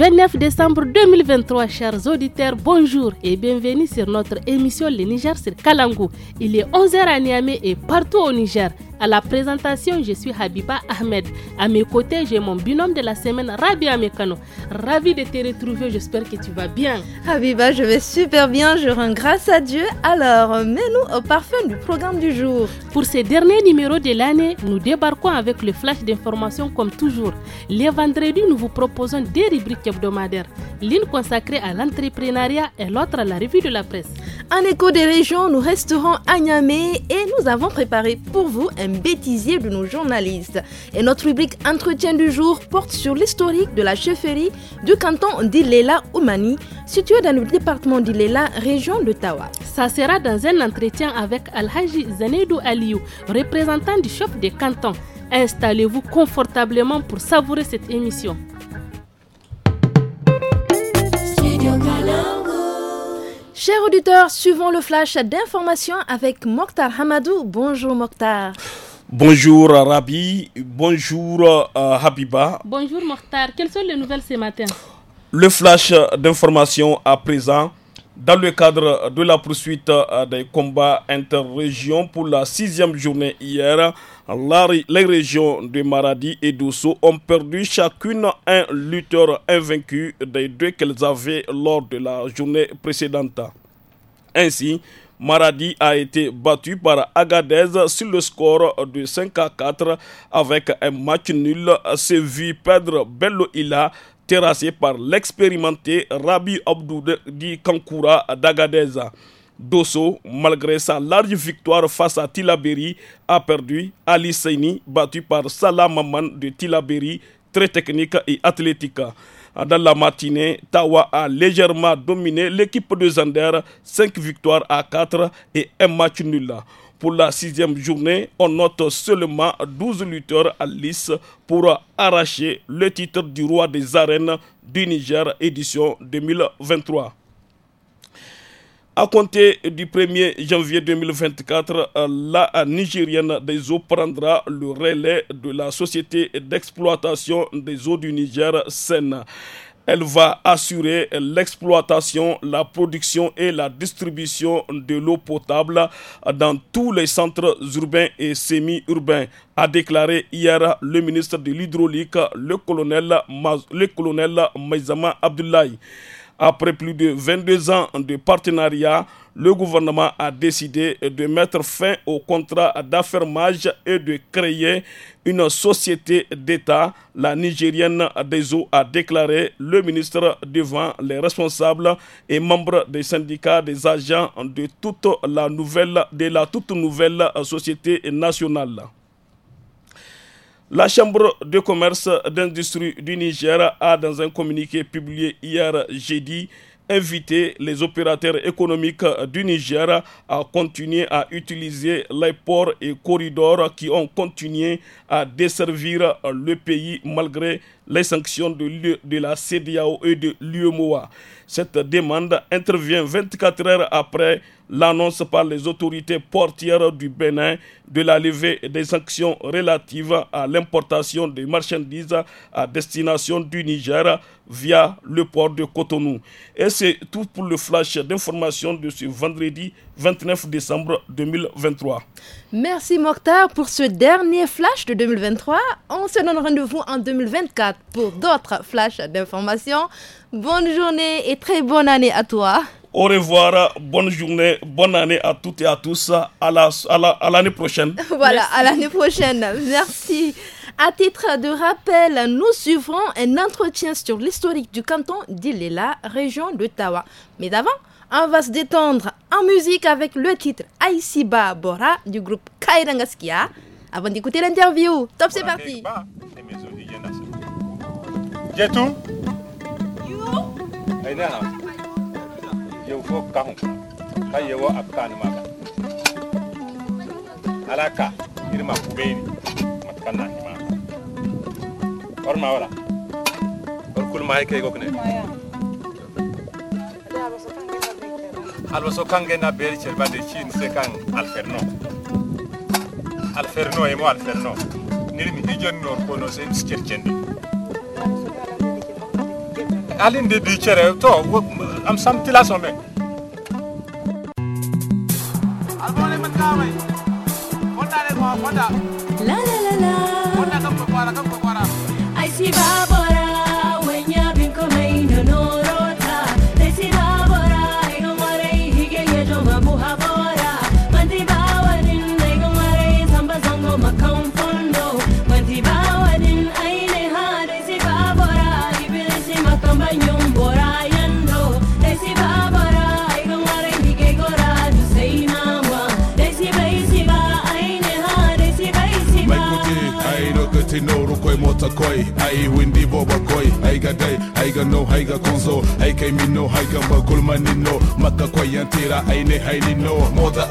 29 décembre 2023, chers auditeurs, bonjour et bienvenue sur notre émission Le Niger sur Kalangou. Il est 11h à Niamey et partout au Niger. À la présentation, je suis Habiba Ahmed. À mes côtés, j'ai mon binôme de la semaine, Rabia Mekano. Ravi de te retrouver, j'espère que tu vas bien. Habiba, je vais super bien, je rends grâce à Dieu. Alors, mets-nous au parfum du programme du jour. Pour ce dernier numéro de l'année, nous débarquons avec le flash d'informations comme toujours. Les vendredis, nous vous proposons des rubriques hebdomadaires, l'une consacrée à l'entrepreneuriat et l'autre à la revue de la presse. En écho des régions, nous resterons à Niamey et nous avons préparé pour vous un bêtisier de nos journalistes. Et notre rubrique Entretien du jour porte sur l'historique de la chefferie du canton d'Ilela Oumani, situé dans le département d'Ilela, région de Tawa. Ça sera dans un entretien avec Alhaji Zanedou Aliou, représentant du chef des cantons. Installez-vous confortablement pour savourer cette émission. Chers auditeurs, suivons le flash d'information avec Mokhtar Hamadou. Bonjour Mokhtar. Bonjour Rabi, bonjour euh, Habiba. Bonjour Mokhtar, quelles sont les nouvelles ce matin Le flash d'information à présent dans le cadre de la poursuite euh, des combats interrégions pour la sixième journée hier. les régions de Maradi et d'Osso ont perdu chacune un lutteur invaincu des deux qu'elles avaient lors de la journée précédente. Ainsi, Maradi a été battu par Agadez sur le score de 5 à 4 avec un match nul, vu perdre Bello Ila terrassé par l'expérimenté Rabi Abdou Di Kankoura d'Agadez. Dosso, malgré sa large victoire face à Tilaberi, a perdu Ali Saini, battu par Salah Maman de Tilaberi, très technique et athlétique. Dans la matinée, Tawa a légèrement dominé l'équipe de Zander, 5 victoires à 4 et un match nul. Pour la sixième journée, on note seulement 12 lutteurs à l'IS pour arracher le titre du roi des arènes du Niger édition 2023. À compter du 1er janvier 2024, la Nigérienne des eaux prendra le relais de la société d'exploitation des eaux du Niger, SEN. Elle va assurer l'exploitation, la production et la distribution de l'eau potable dans tous les centres urbains et semi-urbains, a déclaré hier le ministre de l'Hydraulique, le colonel, le colonel Maizama Abdullahi. Après plus de 22 ans de partenariat, le gouvernement a décidé de mettre fin au contrat d'affermage et de créer une société d'État. La Nigérienne des eaux a déclaré le ministre devant les responsables et membres des syndicats des agents de toute la nouvelle, de la toute nouvelle société nationale. La Chambre de commerce d'industrie du Niger a, dans un communiqué publié hier jeudi, invité les opérateurs économiques du Niger à continuer à utiliser les ports et corridors qui ont continué à desservir le pays malgré les sanctions de, la CDAO et de l'UMOA. Cette demande intervient 24 heures après l'annonce par les autorités portières du Bénin de la levée des sanctions relatives à l'importation des marchandises à destination du Niger via le port de Cotonou. Et c'est tout pour le flash d'information de ce vendredi 29 décembre 2023. Merci Mokhtar pour ce dernier flash de 2023. On se donne rendez-vous en 2024 pour d'autres flashs d'informations. Bonne journée et très bonne année à toi. Au revoir, bonne journée, bonne année à toutes et à tous. À l'année la, à prochaine. voilà, à l'année prochaine. Merci. À titre de rappel, nous suivrons un entretien sur l'historique du canton d'Ilela, région de Tawa. Mais d'avant, on va se détendre en musique avec le titre Aïsiba Bora du groupe Kairangaskia. Avant d'écouter l'interview, top, c'est parti. J'ai tout ay na yow fo kaxum ka yewo a kaani maaga ala ka irima kubeeni mat kanna ima or ma wala or kul maxay kee gok ne alwaso kan gena beeri cer ba de cin se kan alferno alferno emo alferno nirmi ijonnoor kono se cer cende hali de di cɛ rɛ tɔ amsamtila sɔn mɛ Ay, sí, va. watakoi aiwe ndivo vakoi aigadai the haiga konzo aikaimino haigambakulmanino moda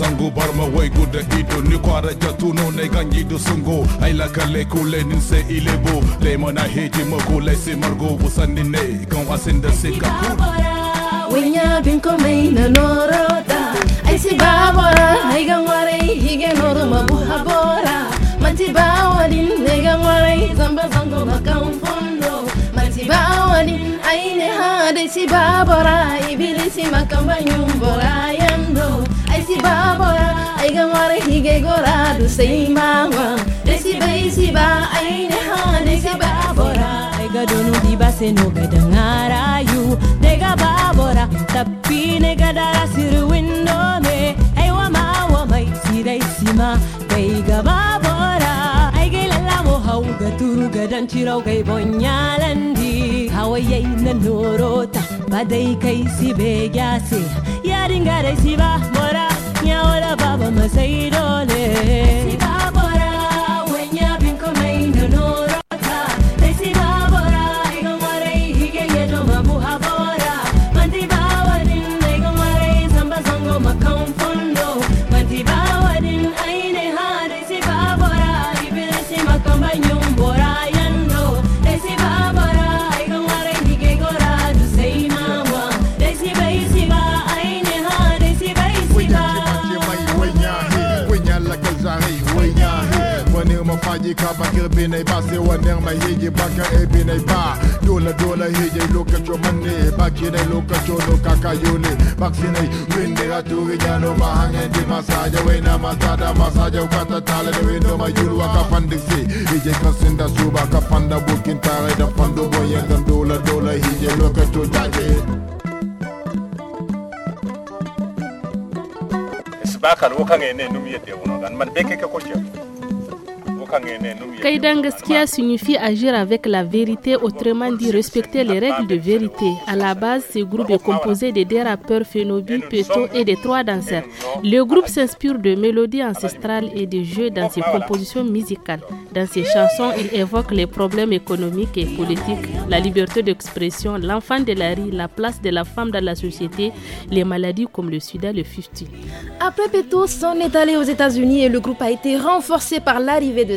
zangu barma sungo kule kan winya norota aisi babora aiga warai hige noru mabuha bora mati bawadin nega ngwarai zamba zango bakam fondo mati din, aine hade si babora ibilisi makamba nyumbora yando aisi babora aiga warai hige gora du sei mawa desi bai si ba aine hade si babora nega dibase no gadangara you nega babora tapi nega dara siru window me ai wa ma wa sirai sima bai babora ai ga mo hau ga turu ga dan bonyalandi hawaye na norota badai kai si be gyase yarin ga si mora nya wala baba masai dole ka bakir bine ba sai mai hege baka e bine ba dole dole hege lokacin manne ba ki dai lokacin no kaka yole vaccine winde ga turi ya no we na masada masaje kwata tale da we no ma yulwa ka pandisi hege kasin da su ba ka panda bukin tare da pando boyen gan dole dole hege man beke ke Kaidan signifie agir avec la vérité, autrement dit respecter les règles de vérité. À la base, ce groupe est composé de des rappeurs Fenobi, Peto et de trois danseurs. Le groupe s'inspire de mélodies ancestrales et de jeux dans ses compositions musicales. Dans ses chansons, il évoque les problèmes économiques et politiques, la liberté d'expression, l'enfant de la rue, la place de la femme dans la société, les maladies comme le sida, le fifty. Après Peto, s'en est allé aux États-Unis et le groupe a été renforcé par l'arrivée de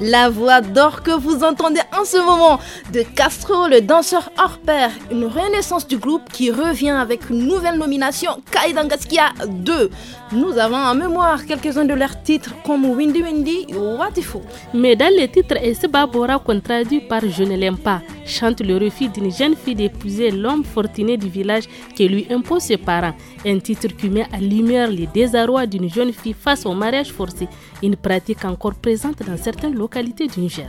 la voix d'or que vous entendez en ce moment de Castro, le danseur hors pair, une renaissance du groupe qui revient avec une nouvelle nomination, Kaidangaskia 2. Nous avons en mémoire quelques-uns de leurs titres comme Windy Windy What If. Mais dans les titres, ce Bora, traduit par Je ne l'aime pas, chante le refus d'une jeune fille d'épouser l'homme fortuné du village qui lui impose ses parents. Un titre qui met à lumière les désarrois d'une jeune fille face au mariage forcé, une pratique encore présente dans certaines localités du Niger.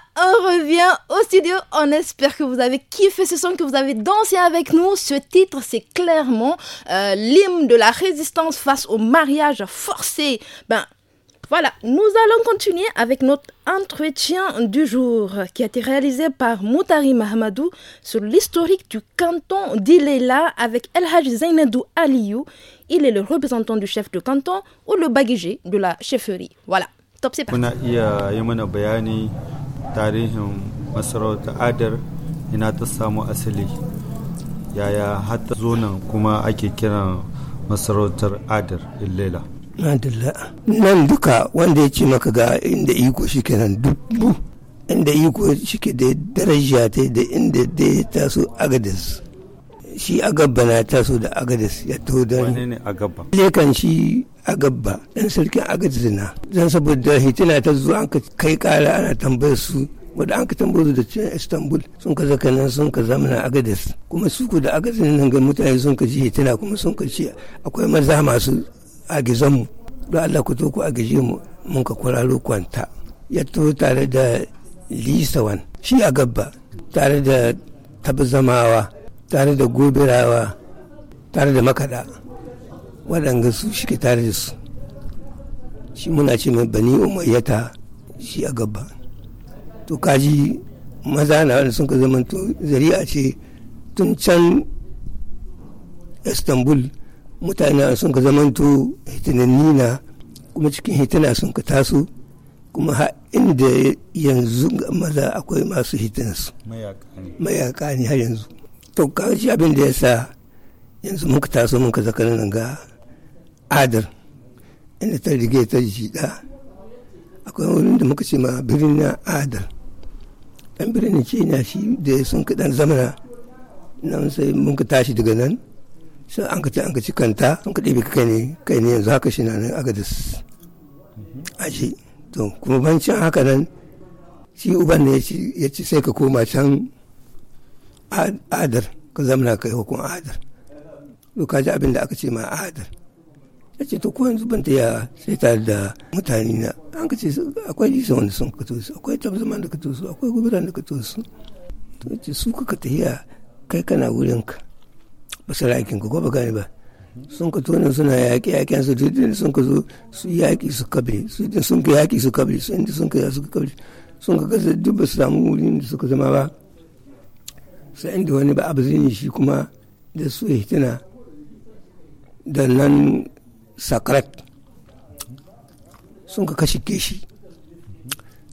on revient au studio. On espère que vous avez kiffé ce son, que vous avez dansé avec nous. Ce titre, c'est clairement euh, l'hymne de la résistance face au mariage forcé. Ben, voilà, nous allons continuer avec notre entretien du jour qui a été réalisé par Moutari Mahamadou sur l'historique du canton d'Ilela avec El Haj Zainadou Aliou. Il est le représentant du chef de canton ou le bagagé de la chefferie. Voilà, top c'est parti. tarihin masarauta adar ina ta samu asali yaya hata zonan kuma ake kiran masarautar adar illela nan duka wanda ya ce maka ga inda iko shi kenan dubu inda iko shi ke da daraja ta da inda da ya taso agadis shi agabba na taso da agadis ya to da ne agabba lekan shi agabba dan sarkin agadis na dan saboda hitina ta zuwa an kai kara ana tambayar su wadda an ka su da cikin istanbul sun ka zaka nan sun ka zamana agadis kuma su ku da agadis nan ga mutane sun ka ji hitina kuma sun ka ce akwai maza masu agizan mu don allah ku to ku agije mu mun ka kwararo kwanta ya to tare da lisawan shi agabba tare da tabzamawa tare da gobirawa tare da makaɗa waɗanda su ke tare da su shi muna ce mai bani umayyata shi a gaba to kaji maza na wanda sun ka zama zari'a ce tun can istanbul mutane sun ka to hitinanni na kuma cikin hitina sun ka taso kuma ha inda yanzu maza akwai masu hitinsu mayaka ne har yanzu to shi abin da ya sa yanzu muka taso muka zaka nan ga adar inda ta rige ta jiɗa akwai wurin da muka ce ma birnin adar dan birnin ce na shi da sun kaɗan zamana nan sai mun ka tashi daga nan sai an ka an kaci kanta an ka bi kai ne kai ne yanzu haka shi na nan agadis hmm. ashe to kuma bancin haka nan shi uban ne ya ci sai ka koma can adar ka zamana kai hukun adar to ka ji abin da aka ce ma adar ya ce to ko yanzu ban ta ya sai ta da mutane na an ka ce akwai jisa wanda sun ka tosu akwai tabzaman da ka tosu akwai gubiran da ka tosu to ya ce su ka ka tahiya kai kana wurin ka ba su rakin ka ko ba gani ba sun ka tona suna yaƙi yaƙen su duk sun ka zo su yaƙi su kabe su sun ka yaƙi su kabe su inda sun ka yaƙi su kabe sun ka gasa duk ba su samu wurin da suka zama ba sai inda wani ba abu zini shi kuma da su hitina da nan sakarat sun ka kashe shi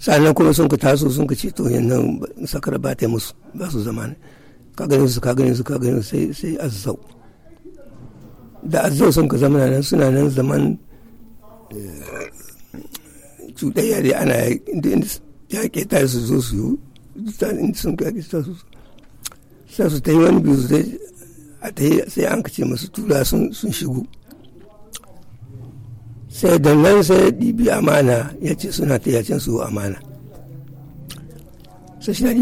sannan kuma sun ka taso sun ka ce to yannan sakarat ba ta yi musu ba su zama ne ka gani su ka gani su ka ganin sai sai azzau da azzau sun ka zama nan suna nan zaman eh, cuɗayya dai ana yaƙe ta su zo su yi sun ka yaƙe ta su zo sai su ta yi wani biyu sai an kace masu tura sun shigo sai dangan sai dibi amana ya ce suna ta yace su amana sai shi na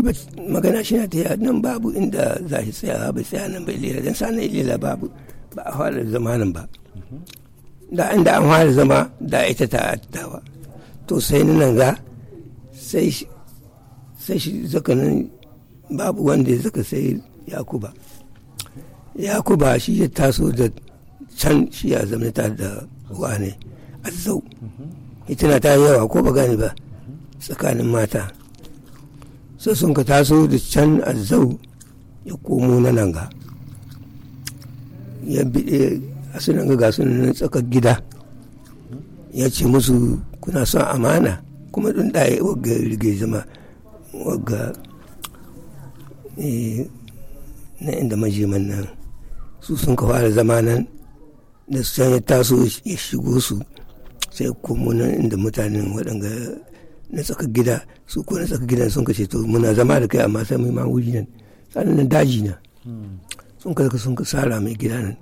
magana shi na ta nan babu inda za shi tsaya ba tsaya nan bai lera don sana lera babu ba a fara zama nan ba da inda an fara zama da ita ta dawa to sai nan ga sai shi zakanin babu wanda ya zaka sai yakuba yakuba shi ya taso da can shi ya zama ta da wane Azau. Mhm. tana ta yawa ko ba gane ba tsakanin mata so sun ka taso da can azau ya komo na nan ga ya biɗe eh, a sunan ga nan tsakar gida ya ce musu kuna son amana kuma ɗin ɗaya wagga rigar zama wagga Eh, na inda majiman nan su sun ka fara zamanan da su can ya taso ya shigo su sai komo nan inda mutanen waɗanga na tsaka gida su ko na tsaka gida sun ka to muna zama da kai amma sai mai ma wuri nan sanin nan daji na sun ka sun ka sara mai gida nan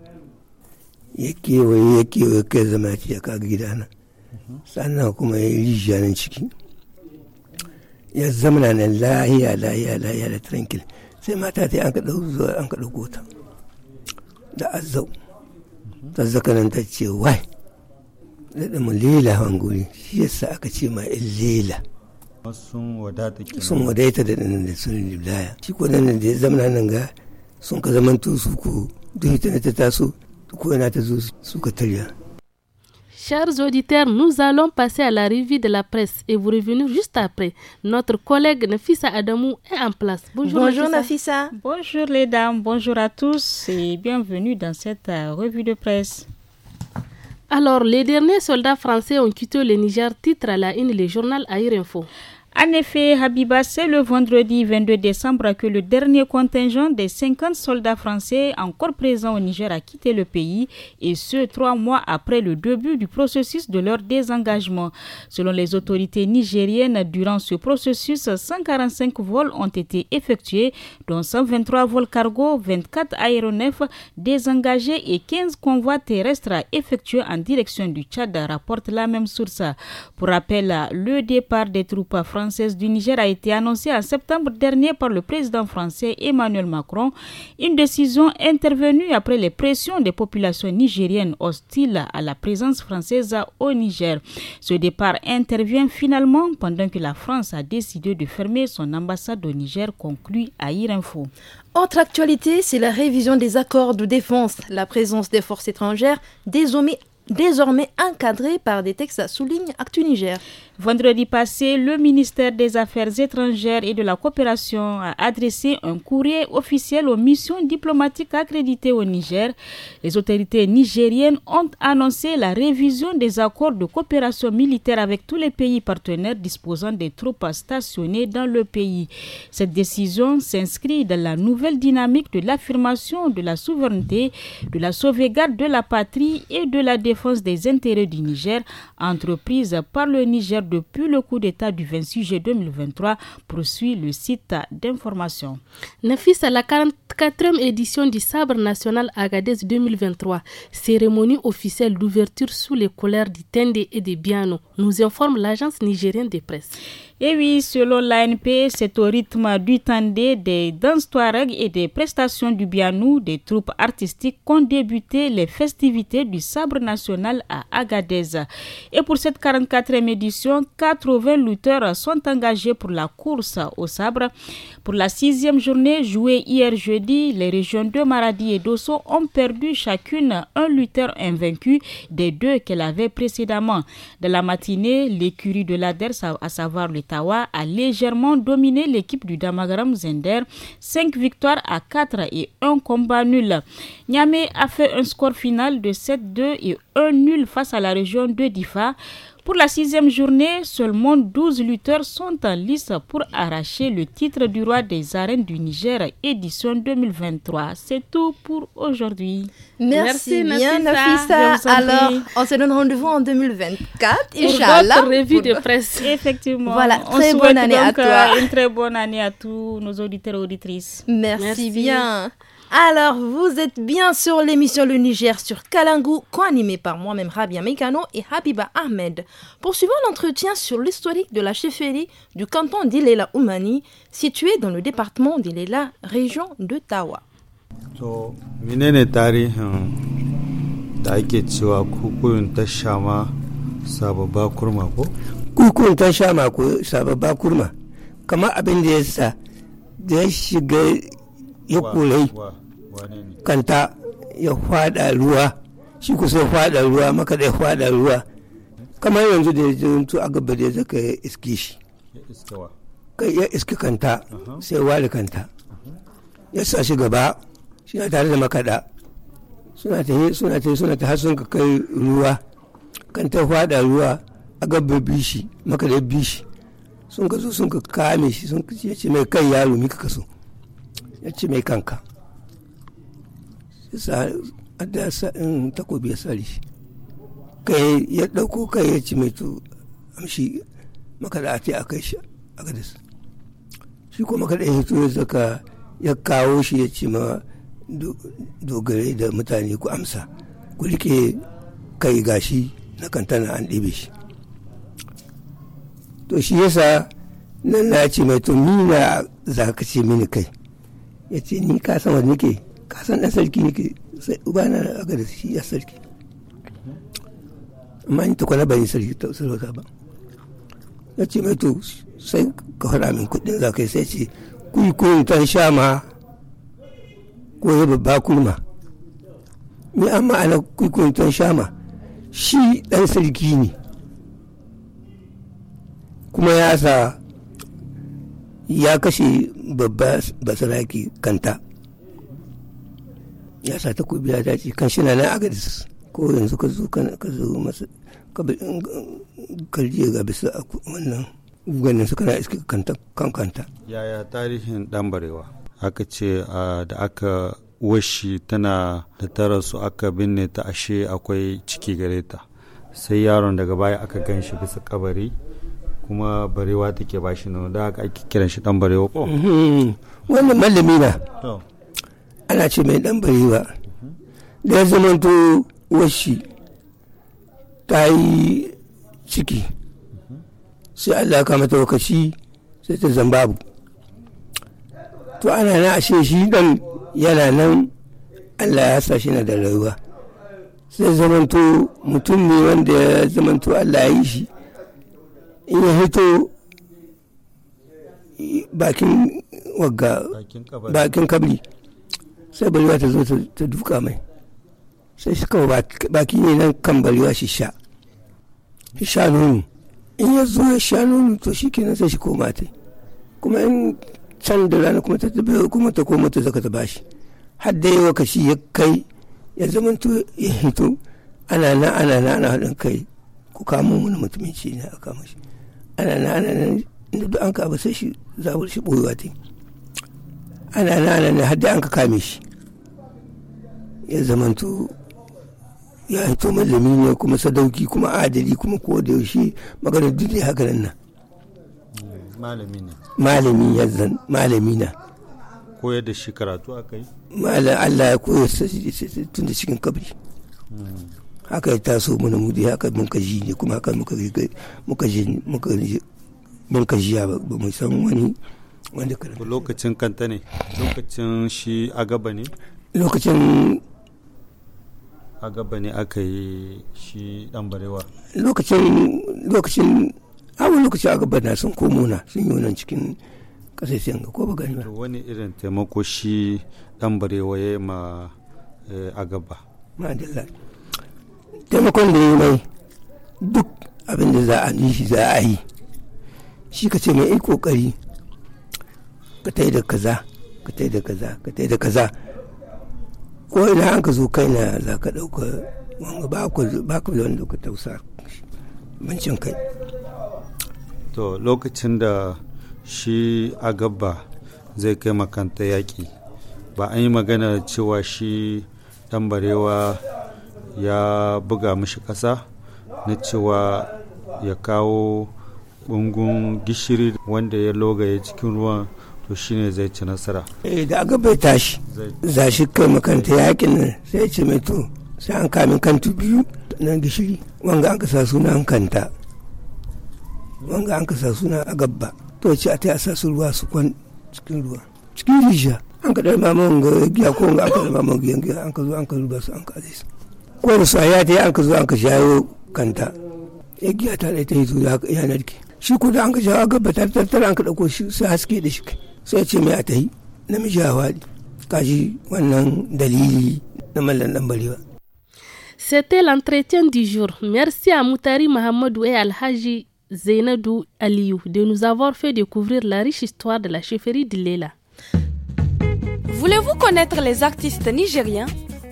ya kewaye ya kewaye kai zama ya ce ya kaga gida nan sannan kuma ya yi rijiya nan ciki ya zama nan lahiya lahiya lahiya da tranquil sai mata ta an ka zuwa an ka ɗauko ta da azzau ta zakanan ta ce wai da mu lela hanguri shi yasa aka ce ma in lela sun wadaita da ɗan da sun liblaya shi ko nan da ya zama nan ga sun ka zamanto su ko duk ta taso ko yana ta zo su ka tarya Chers auditeurs, nous allons passer à la revue de la presse et vous revenez juste après. Notre collègue Nafissa Adamou est en place. Bonjour, bonjour Bonjour les dames, bonjour à tous et bienvenue dans cette euh, revue de presse. Alors, les derniers soldats français ont quitté le Niger, titre à la une le journal Air Info. En effet, Habiba, c'est le vendredi 22 décembre que le dernier contingent des 50 soldats français encore présents au Niger a quitté le pays, et ce, trois mois après le début du processus de leur désengagement. Selon les autorités nigériennes, durant ce processus, 145 vols ont été effectués, dont 123 vols cargo, 24 aéronefs désengagés et 15 convois terrestres effectués en direction du Tchad, rapporte la même source. Pour rappel, le départ des troupes françaises française du Niger a été annoncée en septembre dernier par le président français Emmanuel Macron, une décision intervenue après les pressions des populations nigériennes hostiles à la présence française au Niger. Ce départ intervient finalement pendant que la France a décidé de fermer son ambassade au Niger, conclut à Info. Autre actualité, c'est la révision des accords de défense. La présence des forces étrangères désormais encadrée par des textes, à souligne Actu Niger. Vendredi passé, le ministère des Affaires étrangères et de la coopération a adressé un courrier officiel aux missions diplomatiques accréditées au Niger. Les autorités nigériennes ont annoncé la révision des accords de coopération militaire avec tous les pays partenaires disposant des troupes stationnées dans le pays. Cette décision s'inscrit dans la nouvelle dynamique de l'affirmation de la souveraineté, de la sauvegarde de la patrie et de la défense des intérêts du Niger, entreprise par le Niger depuis le coup d'État du 26 juillet 2023, poursuit le site d'information. Nafis à la 44e édition du Sabre national Agadez 2023, cérémonie officielle d'ouverture sous les colères du Tende et de Biano, nous informe l'agence nigérienne des presses. Et oui, selon l'ANP, c'est au rythme du Tandé, des danses et des prestations du Bianou, des troupes artistiques qu'ont débuté les festivités du sabre national à Agadez. Et pour cette 44e édition, 80 lutteurs sont engagés pour la course au sabre. Pour la sixième journée jouée hier jeudi, les régions de Maradi et d'Osso ont perdu chacune un lutteur invaincu des deux qu'elle avait précédemment. De la matinée, l'écurie de l'ADERS, à savoir le Tawa a légèrement dominé l'équipe du Damagaram Zender, 5 victoires à 4 et 1 combat nul. Niamey a fait un score final de 7-2 et 1 nul face à la région de Difa. Pour la sixième journée, seulement 12 lutteurs sont en liste pour arracher le titre du roi des arènes du Niger, édition 2023. C'est tout pour aujourd'hui. Merci, merci, bien, Alors, on se donne rendez-vous en 2024, Inch'Allah. Pour revue de presse. Effectivement. Voilà, très bonne année à toi. Euh, une très bonne année à tous nos auditeurs et auditrices. merci. bien. Alors, vous êtes bien sur l'émission Le Niger sur Kalangu, co-animée par moi-même Rabia Mekano et Habiba Ahmed. Poursuivons l'entretien sur l'historique de la chefferie du canton d'Ilela Oumani, situé dans le département d'Ilela, région de Tawa. ya kurai kanta ya fada ruwa shi kusa ya fada ruwa maka da ya fada ruwa kamar yanzu da ya zuntu a gaba da ya zaka ya iske shi kai ya iske kanta sai wari kanta ya sa shi gaba shi na tare da makaɗa suna ta yi suna ta yi suna ta hasun ka kai ruwa kanta fada ruwa a gaba bishi makaɗa bishi sun ka zo sun ka kame shi sun ce mai kai yaro mika kasu. ya ce mai kanka da in takobi ya sari kai ya ɗauko kai ya ci mai to amshi makada a ce a kai shi a gadis shi ko makada ya to ya zaka ya kawo shi ya ci ma dogare da mutane ku amsa ku rike kai gashi na kantana an ɗebe shi to shi yasa nan na ci mai to mina za ka ce mini kai ya ce ni ka san wani ke ka san ɗan sarki ke sai uba na aka da shi ya sarki amma ni ta kwana ba ni sarki ta sarauta ba ya ce mai to sai ka faɗa min kuɗin za ka yi sai ce kuyi koyi ta sha ma ko ya babba kurma ni an ma'ana kuyi koyi ta sha ma shi ɗan sarki ne kuma ya sa ya kashe babba basaraki kanta ya sa kubiya ta ce kan shi na agadis ko yanzu ka zo ka zo masa ga bisa wannan ganin su kana iske kanta kan kanta yaya tarihin dan barewa aka ce da aka washi tana da tara su aka binne ta ashe akwai ciki gare ta sai yaron daga baya aka ganshi bisa kabari kuma barewa take ba shi nuna da aka kiran shi dan barewa ko hmm. wannan mallami na ana ce mai dan barewa da ya to washi ta yi ciki sai Allah ya kama wakashi sai ta zambabu. to ana na ashe shi dan yana nan Allah ya sa shi na da rayuwa sai zamanto mutum ne wanda ya zamanto Allah ya yi shi in ya hito bakin wagga bakin kabri sai baliwa ta zo ta duka mai sai shi kawai baki ne nan kan baliwa shi sha shi sha nono in ya zo ya sha nono to shi kenan sai shi koma ta kuma in can da rana kuma ta tabi kuma ta koma ta zaka ta bashi har da yawa shi ya kai ya to ya hito ana na ana na ana haɗin kai ku kamo mana mutumin shi ne a kama shi ana na ana nan duk an ka abu sai shi zabur shi ɓoyewa te ana na ana nan hadda an ka kame shi ya zamanto ya to malami ne kuma sadauki kuma adali kuma ko da yaushe magana duk dai haka nan malami ne malami ya zan malami na koyar da shi karatu akai malam Allah ya koyar tun da cikin kabri hmm. haka ya taso mana mu dai haka mun ka ji ne kuma haka muka muka ji muka mun ka ji ba mu san wani wanda ka lokacin kanta ne lokacin shi agaba ne lokacin agaba ne aka yi shi dan barewa lokacin lokacin awon lokacin agaba na sun komo na sun yi nan cikin kasashen ga ko ba gani ba wani irin taimako shi dan barewa ya yi ma eh, agaba madalla taimakon da ya mai duk abin da za a yi shi za a yi shi ka ce mai yi kokari ka tai da kaza ka tai da kaza ka tai da kaza ko ina an ka zo kai na za ka ɗauka wanga ba ku da wanda ka tausa bancin kai to lokacin da shi agabba zai kai makanta yaƙi ba an yi magana cewa shi ɗan barewa ya buga mishi ƙasa na cewa ya kawo ɓungun gishiri wanda ya logaye cikin ruwan to shine zai ci nasara. Eh da aka bai tashi za shi kai makanta yakin nan sai ce mai to sai an kamin kantu biyu nan gishiri wanga an kasa suna an kanta wanga an kasa suna a gabba to ce a ta sa su ruwa su kwan cikin ruwa cikin rija. an ka dalma man ga giya ko an ka dalma man ga giya an ka zo an ka ruba su an ka aje su kwai su ya ta an ka zo an ka shayo kanta ya giya ta da ta yi zo ya narke shi ko an ka shayo aka batar tattara an ka dauko shi sai haske da shi sai ce mai a ta yi namiji ya faɗi kashi wannan dalili na mallan dan barewa C'était l'entretien du jour. Merci à Moutari Mahamadou et Al-Haji Zainadou Aliou de nous avoir fait découvrir la riche histoire de la chefferie de d'Ilela. Voulez-vous connaître les artistes nigériens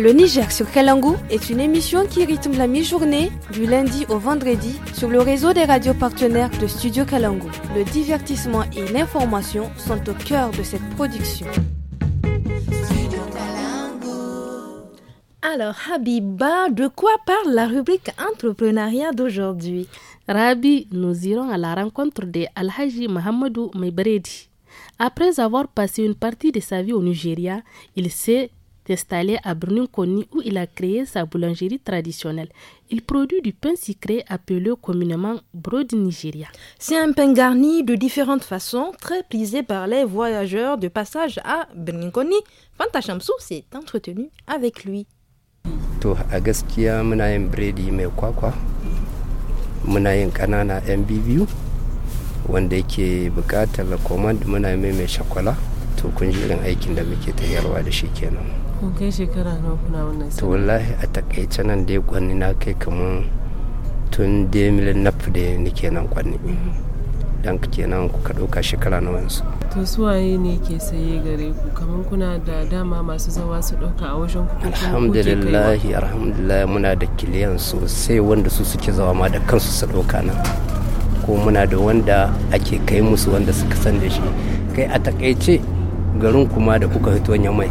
Le Niger sur Kalangu est une émission qui rythme la mi-journée du lundi au vendredi sur le réseau des radios partenaires de Studio Kalangu. Le divertissement et l'information sont au cœur de cette production. Alors Habiba, de quoi parle la rubrique entrepreneuriat d'aujourd'hui Rabi, nous irons à la rencontre de Alhaji Mohamedou Mebredi. Après avoir passé une partie de sa vie au Nigeria, il s'est installé à Bruninconi où il a créé sa boulangerie traditionnelle. Il produit du pain sucré appelé communément bread Nigeria. C'est un pain garni de différentes façons, très prisé par les voyageurs de passage à Bruninconi. Fanta Chamsou s'est entretenu avec lui. To suis un muna yin biredi mai kwakwa, muna peu ƙanana 'yan biyu wanda yake buƙatar command muna mai mai shakwala to kun ji irin aikin da muke tayarwa da kun kai shekara nawa kuna wannan to wallahi a takaice nan dai kwanni na kai kamar tun da milin naf da nake nan kwanni mhm. dan kenan kuka ɗauka shekara na wansu. to suwaye ne ke saye gare ku kamar kuna da dama masu zawa su ɗauka a wajen ku alhamdulillah alhamdulillah muna da kiliyan sosai wanda su suke zawa ma da kansu su ɗauka nan ko muna da wanda ake kai musu wanda suka san da shi kai a takaice garin kuma da kuka hito mai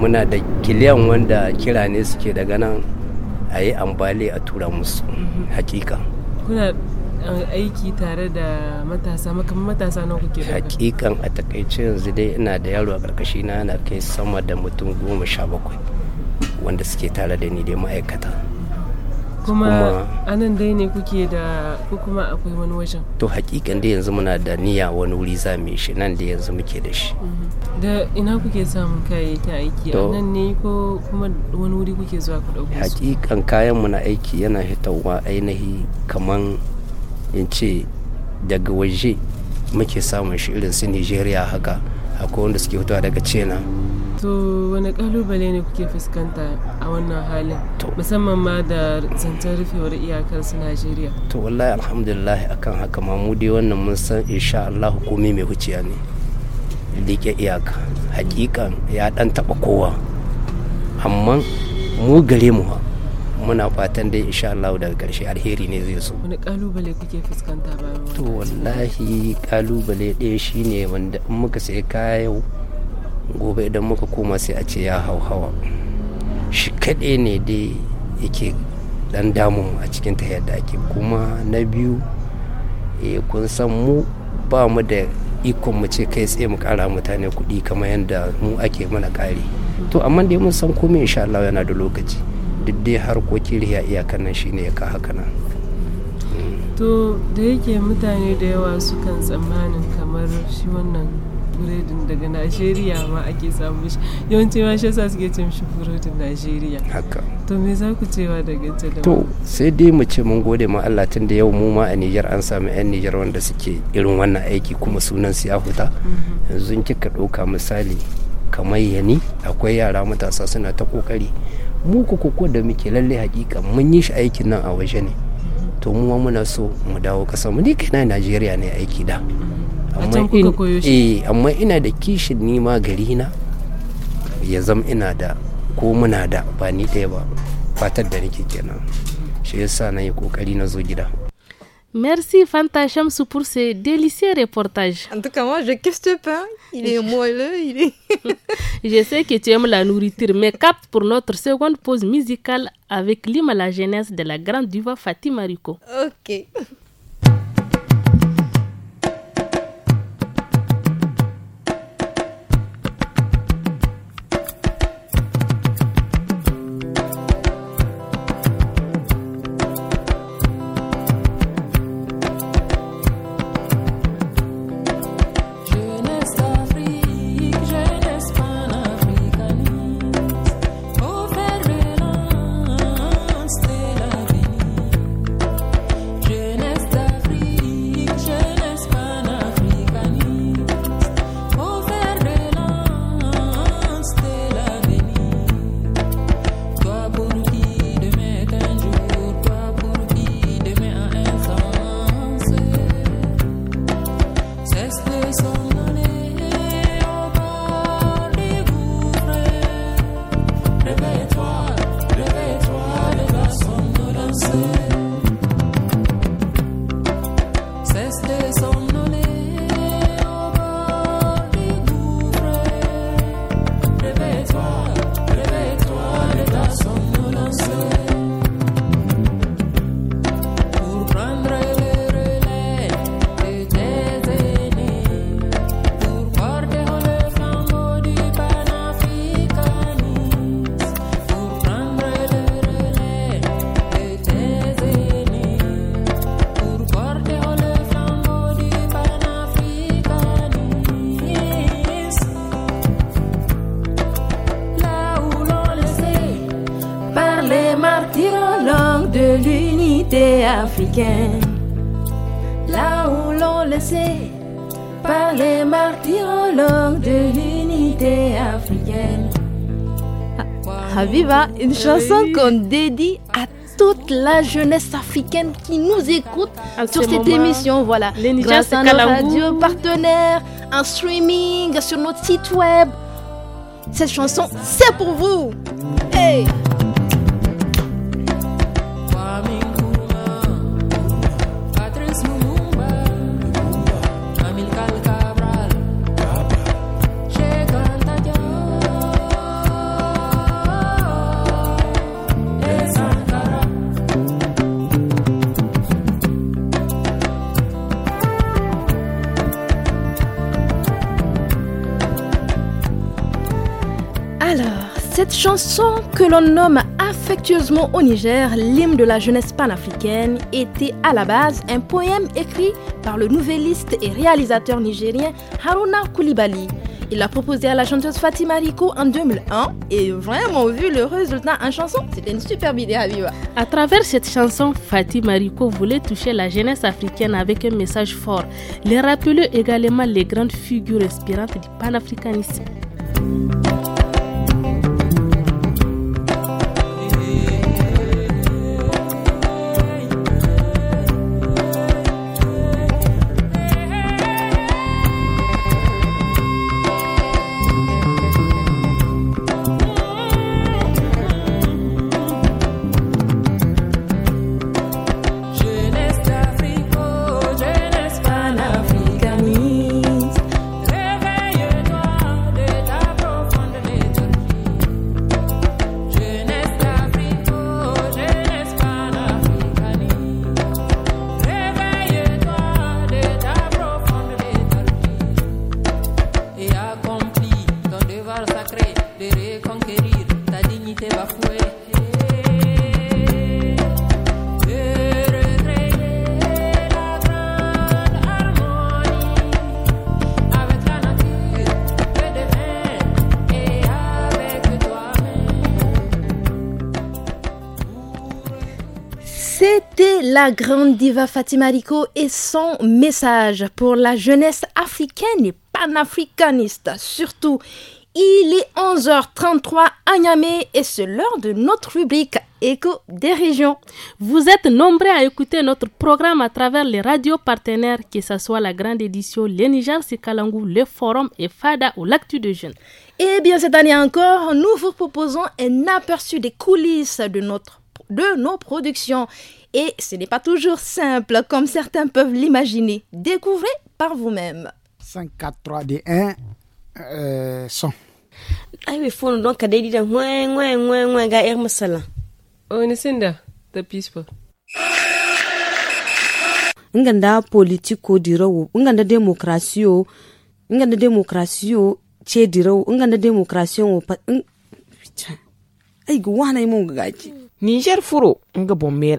muna da kiliyan wanda kira ne suke daga nan a yi ambali a tura musu mhm. hakika kuna eh, aiki tare da matasa makamman matasa na kuke da hakikan a takaice yanzu dai ina da yaro a karkashi na yana kai sama da mutum goma sha bakwai wanda suke tare da ni dai ma'aikata kuma a nan dai ne kuke da ko kuma akwai wani wajen to hakikan da yanzu muna da niyya wani wuri za mu shi nan da yanzu muke da shi mhm. da ina kuke samun kayayyakin aiki a nan ne ko kuma wani wuri kuke zuwa ku dauko hakikan kayan mu na aiki yana hitawa ainihi kaman in ce daga waje muke samun shi irin su Nigeria haka akwai wanda suke fitowa daga China to wani kalubale ne kuke fuskanta a wannan halin musamman ma da zancen rufewar iyakar su najeriya to wallahi alhamdulillah akan haka ma mu dai wannan mun san insha allah hukumi mai wuciya ne liƙe iyaka hakikan ya dan taba kowa amma mu gare mu muna fatan dai insha Allah daga karshe alheri ne zai so wani kalubale kuke fuskanta ba to wallahi kalubale ɗaya shine wanda in muka sai kaya yau gobe idan muka koma sai a ce ya hau hawa shi kaɗai ne dai yake dan damu a cikin ta yadda ake kuma na biyu e kun san mu ba mu da ikon mu ce kai tsaye mu kara mutane kuɗi kama yadda mu ake mana ƙari to amma dai mun san komai insha Allah yana da lokaci duk dai harkokin riya iyakan nan shine ya ka haka nan mm. to da yake mutane da yawa sukan tsammanin kamar shi wannan burodin daga najeriya ma ake samun shi yawanci ma shi suke ce mishi burodin najeriya haka to me za ku cewa daga ta to sai dai mu ce mun gode ma Allah tun da yau mu ma a Nijar an samu yan Nijar wanda suke irin wannan aiki kuma sunan su ya huta mm-hmm. yanzu in kika ɗauka misali kamar yani akwai yara matasa suna ta kokari mu kuku da muke lalle hakika mun yi shi aikin nan a waje ne mm-hmm. to mu muna so mu dawo kasa mu ni na Najeriya ne aiki da mm-hmm. Eh, Merci Fanta Chamsou pour ce délicieux reportage. En tout cas, moi, je kiffe ce pain. Il est moelleux, je sais que tu aimes la nourriture, mais capte pour notre seconde pause musicale avec l'hymne à la jeunesse de la grande duva Fatima Rico. Ok. africaine là où l'on laissait par les martyrologues de l'unité africaine. Ah, Habiba, une chanson qu'on dédie à toute la jeunesse africaine qui nous écoute sur cette émission. Voilà, grâce à nos radios partenaires, Un streaming, sur notre site web. Cette chanson, c'est pour vous! cette chanson que l'on nomme affectueusement au Niger l'hymne de la jeunesse panafricaine était à la base un poème écrit par le nouvelliste et réalisateur nigérien Haruna Koulibaly. Il l'a proposé à la chanteuse Fatima Rico en 2001 et vraiment vu le résultat en chanson, c'était une superbe idée à vivre. À travers cette chanson, Fatima Rico voulait toucher la jeunesse africaine avec un message fort, les rappeler également les grandes figures inspirantes du panafricanisme. la grande diva Fatima Rico et son message pour la jeunesse africaine et panafricaniste. Surtout, il est 11h33 à Niamey et c'est l'heure de notre rubrique Écho des régions. Vous êtes nombreux à écouter notre programme à travers les radios partenaires, que ce soit la grande édition, les Niger, le Forum et FADA ou l'Actu de Jeunes. Et eh bien cette année encore, nous vous proposons un aperçu des coulisses de, notre, de nos productions. Et ce n'est pas toujours simple comme certains peuvent l'imaginer. Découvrez par vous-même. 5, 4, 3, 2, 1, euh, son. ai bai fono don ka daidai da ngwe ga er masala o ni sinda ta peaceful Nganda politiko dirawo nganda demokrasiyo nganda demokrasiyo che dirawo inganda demokrasiyo wo pa ai ga wana imu gaji niger furo nga bomber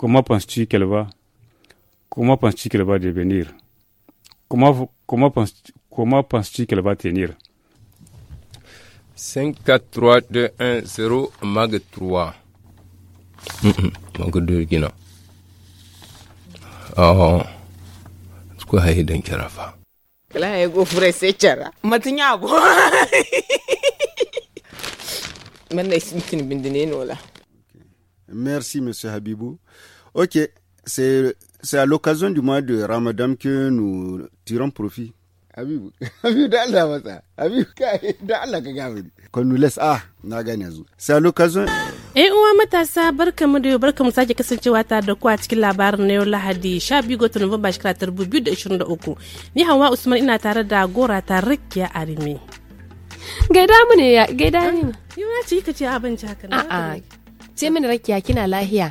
Comment penses-tu qu'elle va Comment penses-tu qu'elle va devenir Comment, comment penses-tu qu'elle va tenir 5, 4, 3, 2, 1, 0, Mag 3. Mm, mm, Mag 2 gina. Oh, ko hay den kira Kala Merci monsieur Habibou. Ok, c'est à l'occasion du mois de Ramadan que nous tirons profit. Habibu, Habibu da Allah masa, Habibu kai da Allah ka gafi. Kon nous laisse ah na gane yanzu. C'est à l'occasion Eh uwa matasa barkamu da yau barkamu sake kasancewa ta da ku a cikin labarin na yau Lahadi 12 ga Nuwamba shekara 2023. Ni Hawa Usman ina tare da Gora ta Rikiya Arimi. Gaida mu ne ya gaida ne. Ah, yau na ci ka ce abinci haka na. A'a. Ce mini Rakiya kina lahiya.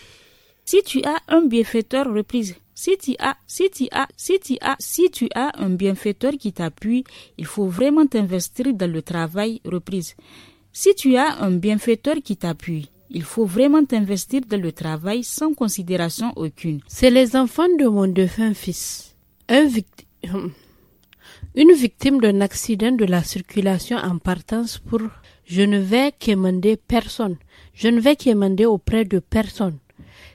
Si tu as un bienfaiteur reprise, si tu as, si tu as, si tu as, si tu as un bienfaiteur qui t'appuie, il faut vraiment t'investir dans le travail reprise. Si tu as un bienfaiteur qui t'appuie, il faut vraiment t'investir dans le travail sans considération aucune. C'est les enfants de mon défunt fils. Une victime d'un accident de la circulation en partance pour je ne vais quémander personne. Je ne vais quémander auprès de personne.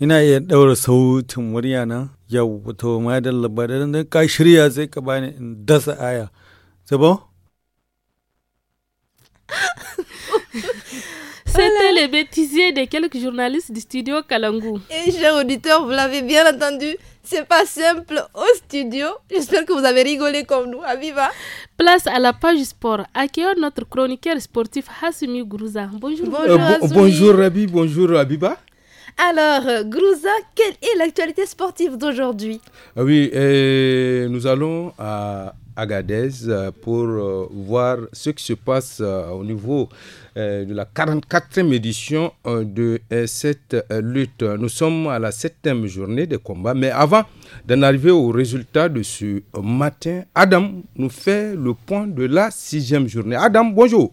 C'était les bêtisiers de quelques journalistes du studio Kalangu. Et chers auditeurs, vous l'avez bien entendu, c'est pas simple au studio. J'espère que vous avez rigolé comme nous. Habiba. Place à la page sport. Accueillons notre chroniqueur sportif Hassimi Gourouza. Bonjour. Bonjour, euh, bonjour Rabi, bonjour Abiba. Alors, euh, Grouza, quelle est l'actualité sportive d'aujourd'hui ah Oui, nous allons à Agadez euh, pour euh, voir ce qui se passe au niveau de la 44e édition de cette lutte. Nous sommes à la 7e journée des combats, mais avant d'en arriver au résultat de ce matin, Adam nous fait le point de la 6e journée. Adam, bonjour.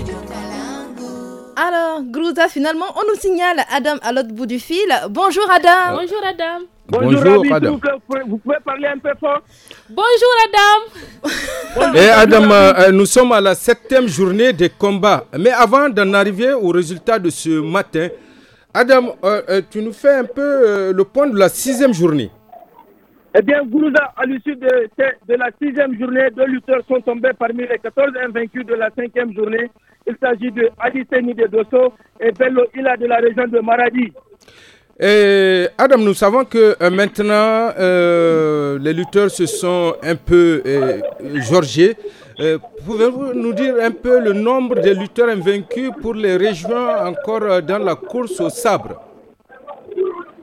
Alors, Grouza, finalement, on nous signale Adam à l'autre bout du fil. Bonjour Adam. Bonjour Adam. Bonjour, Adam. Vous, pouvez parler un peu fort Bonjour Adam. Eh, Adam, euh, euh, nous sommes à la septième journée des combats. Mais avant d'en arriver au résultat de ce matin, Adam, euh, tu nous fais un peu le point de la sixième journée. Eh bien, Grouza, à l'issue de, de, la sixième journée, deux lutteurs sont tombés parmi les 14 invaincus de la cinquième journée. Il s'agit de Adiseni de Dosso et Bello Ila de la région de Maradi. Eh, Adam, nous savons que euh, maintenant euh, les lutteurs se sont un peu euh, georgés. Euh, pouvez-vous nous dire un peu le nombre de lutteurs invaincus pour les régions encore dans la course au sabre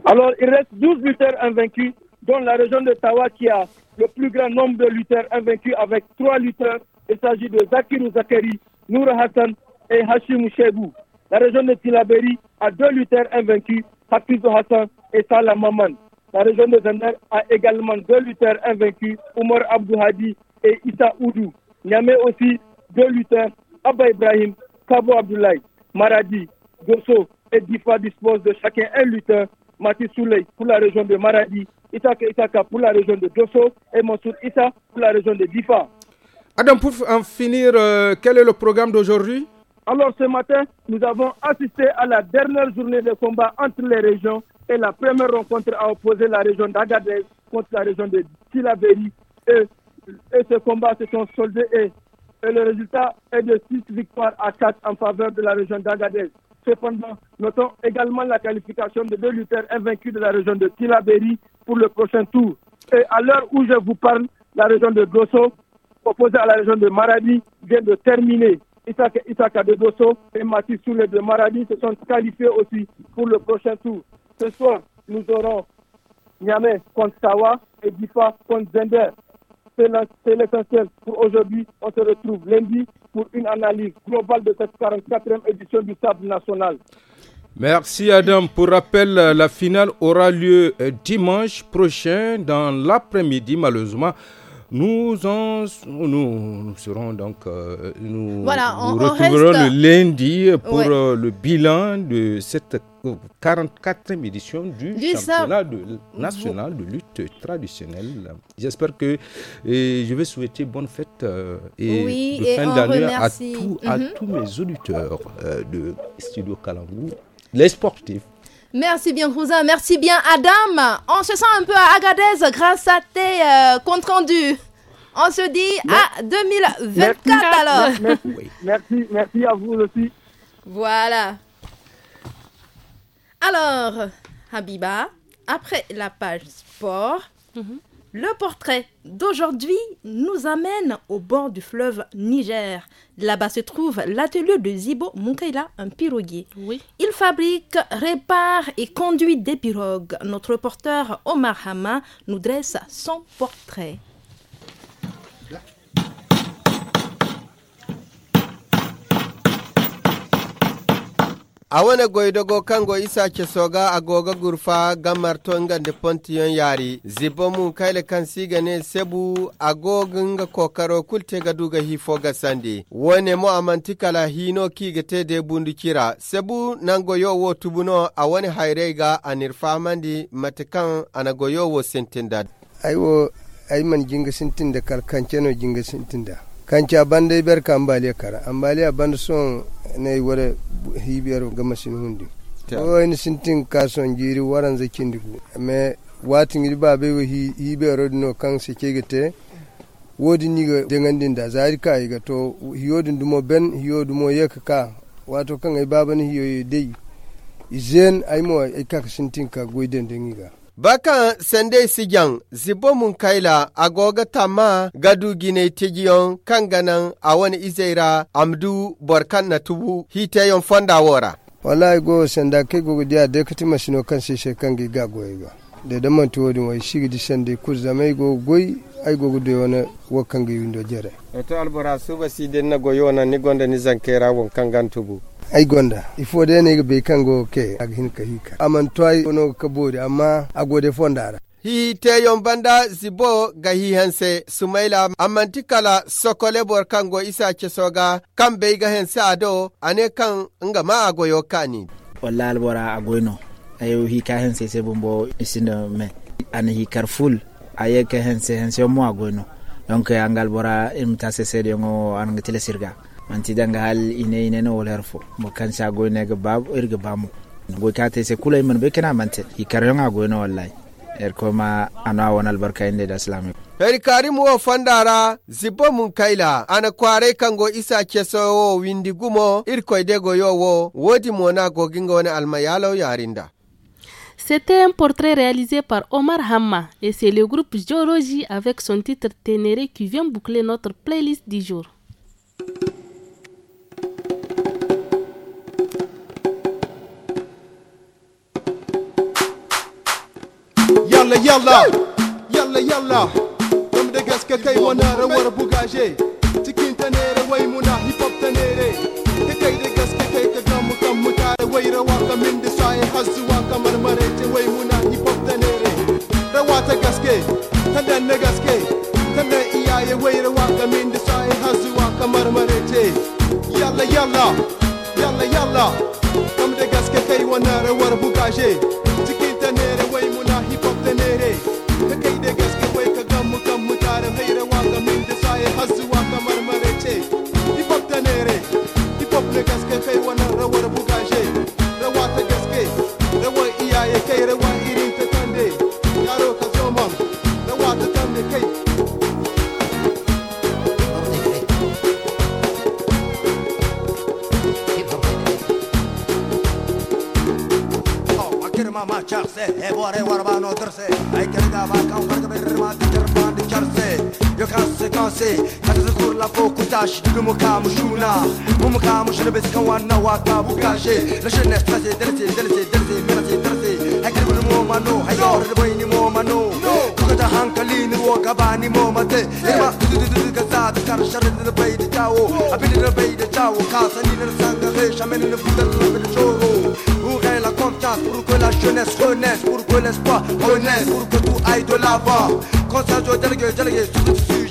Alors, il reste 12 lutteurs invaincus, dont la région de Tawa qui a le plus grand nombre de lutteurs invaincus avec 3 lutteurs. Il s'agit de Zakirou Zakari, Nour Hassan et Hashim Chebou. La région de Tilaberi a deux lutteurs invaincus, Hafizo Hassan et Salah Maman. La région de Zinder a également deux lutteurs invaincus, Omar Abdouhadi et Issa Oudou. Niamey aussi deux lutteurs, Abba Ibrahim, Kabo Abdoulaye, Maradi, Dosso et Difa disposent de chacun un lutteur, Mathis Souley pour la région de Maradi, Itaka Itaka pour la région de Dosso et Mansour Issa pour la région de Difa. Adam, pour en finir, euh, quel est le programme d'aujourd'hui Alors ce matin, nous avons assisté à la dernière journée de combat entre les régions et la première rencontre a opposé la région d'Agadez contre la région de Tilaveri. Et, ce combat se sont soldés et, le résultat est de 6 victoires à 4 en faveur de la région d'Agadez. Cependant, notons également la qualification de deux lutteurs invaincus de la région de Tilaberi pour le prochain tour. Et à l'heure où je vous parle, la région de Grosso, opposé à la région de Maradi, vient de terminer. Isaka de et Mathis Soule de Maradi se sont qualifiés aussi pour le prochain tour. Ce soir, nous aurons Niamey contre Sawa et Difa contre Zender. C'est l'essentiel pour aujourd'hui. On se retrouve lundi pour une analyse globale de cette 44e édition du Sable national. Merci Adam. Pour rappel, la finale aura lieu euh, dimanche prochain dans l'après-midi malheureusement. Nous, nous, serons donc, euh, nous, nous retrouverons le lundi pour euh, le bilan de cette 44e euh, édition du, championnat national de lutte traditionnelle. J'espère que je vais souhaiter bonne fête et de fin d'année à, à mhm. tous mes auditeurs de Studio Kalangou, les sportifs Merci bien, cousin. Merci bien, Adam. On se sent un peu à Agadez grâce à tes euh, comptes rendus. On se dit à 2024 alors. Merci, merci, à vous aussi. Voilà. Alors, Habiba, après la page sport, mhm. Le portrait d'aujourd'hui nous amène au bord du fleuve Niger. Là-bas se trouve l'atelier de Zibo Munkaila, un piroguier. Il fabrique, répare et conduit des pirogues. Notre porteur Omar Hama nous dresse son portrait. A kan goydogo isa ke soga goga gurfa marton ga pontiyon yari zibo mu kaila kan siga ne sebu gogin ga kokaro kulte ga duga ga sandi wane mo a mantikala hino bundu kira sebu nangoyo wo tubuno ga a anir mandi matakan ana anagoyo wo sintinda. sentinda aywo man jinga sintinda kalkanceno jinga sintinda kanca bande ber ka ambaliya kara ambaliya bande son ne wara hibiyar gama sin hundi o ni sintin ka son jiri waran zakin dugu me watin yi ba bai wahi hibiyar no kan se kegete wodi ni ga dengandin da zari ka ga to hiyodin dumo ben hiyodin mo yeka ka wato kan ai baban hiyoyi dai izen ai mo ai ka sintin ka goiden dengiga Bakan sende sijan zibo mun kaila agoga tama gadu gine tijiyon kan ganan a wani izaira amdu borkan na tubu hite yon fonda wora. Wallahi go sanda ke go dia de kati masino kan se se kan giga go ga. Da da man tuwo din wai shigi di sende ku zamai go goi ai go go de wona wakan gi jere. Eto albora suba si den na go yona ni gonda ni zankera won kan gan tubu. ai gonda ifo de ne be go ke ka hika aman toy ono bodi amma agode fondara hi yon banda zibo ga hi hanse sumaila amanti kala sokole bor go isa cesoga kan be ga hanse ado ane kan nga ma agoyo kani walla albora agoyno ayo hi ka hanse se bumbo isino me ane hi carful aye ka hanse hanse mo agoyno donc angal bora imta se se de ngo an ngitele sirga manti danga hal ine ine no woler mo kan sa go ne gaba ir gaba mo go ka te se kulay man be kana mante i karyonga go no wallahi er koma ana won albarka inde da islamic heri karimu wo fandara zibbo mun kaila ana kware kango isa kesowo windigumo de go yowo wodi mona goginga woni almayalo yarinda C'était un portrait réalisé par Omar Hamma et c'est le groupe Joroji avec son titre Ténéré qui vient boucler notre playlist du jour. yalla yalla yalla don da gaske kai wani rawar bugaje cikin ta ne rawai muna hip hop ta ne re ka kai da gaske kai ka ga mu kan mu tare wai rawa kamin da sai har zuwa kamar mare ce wai muna hip hop ta ne re rawa ta gaske ta da na gaske ta da iyaye wai rawa kamin da sai har zuwa kamar mare ce yalla yalla yalla yalla don da gaske kai wani rawar bugaje cikin ta ne rawai da gaske kai Oh, I get my utashi rw'umukamushuna la jeunesse pour que la jeunesse renaisse, pour que l'espoir renaisse, pour que tout de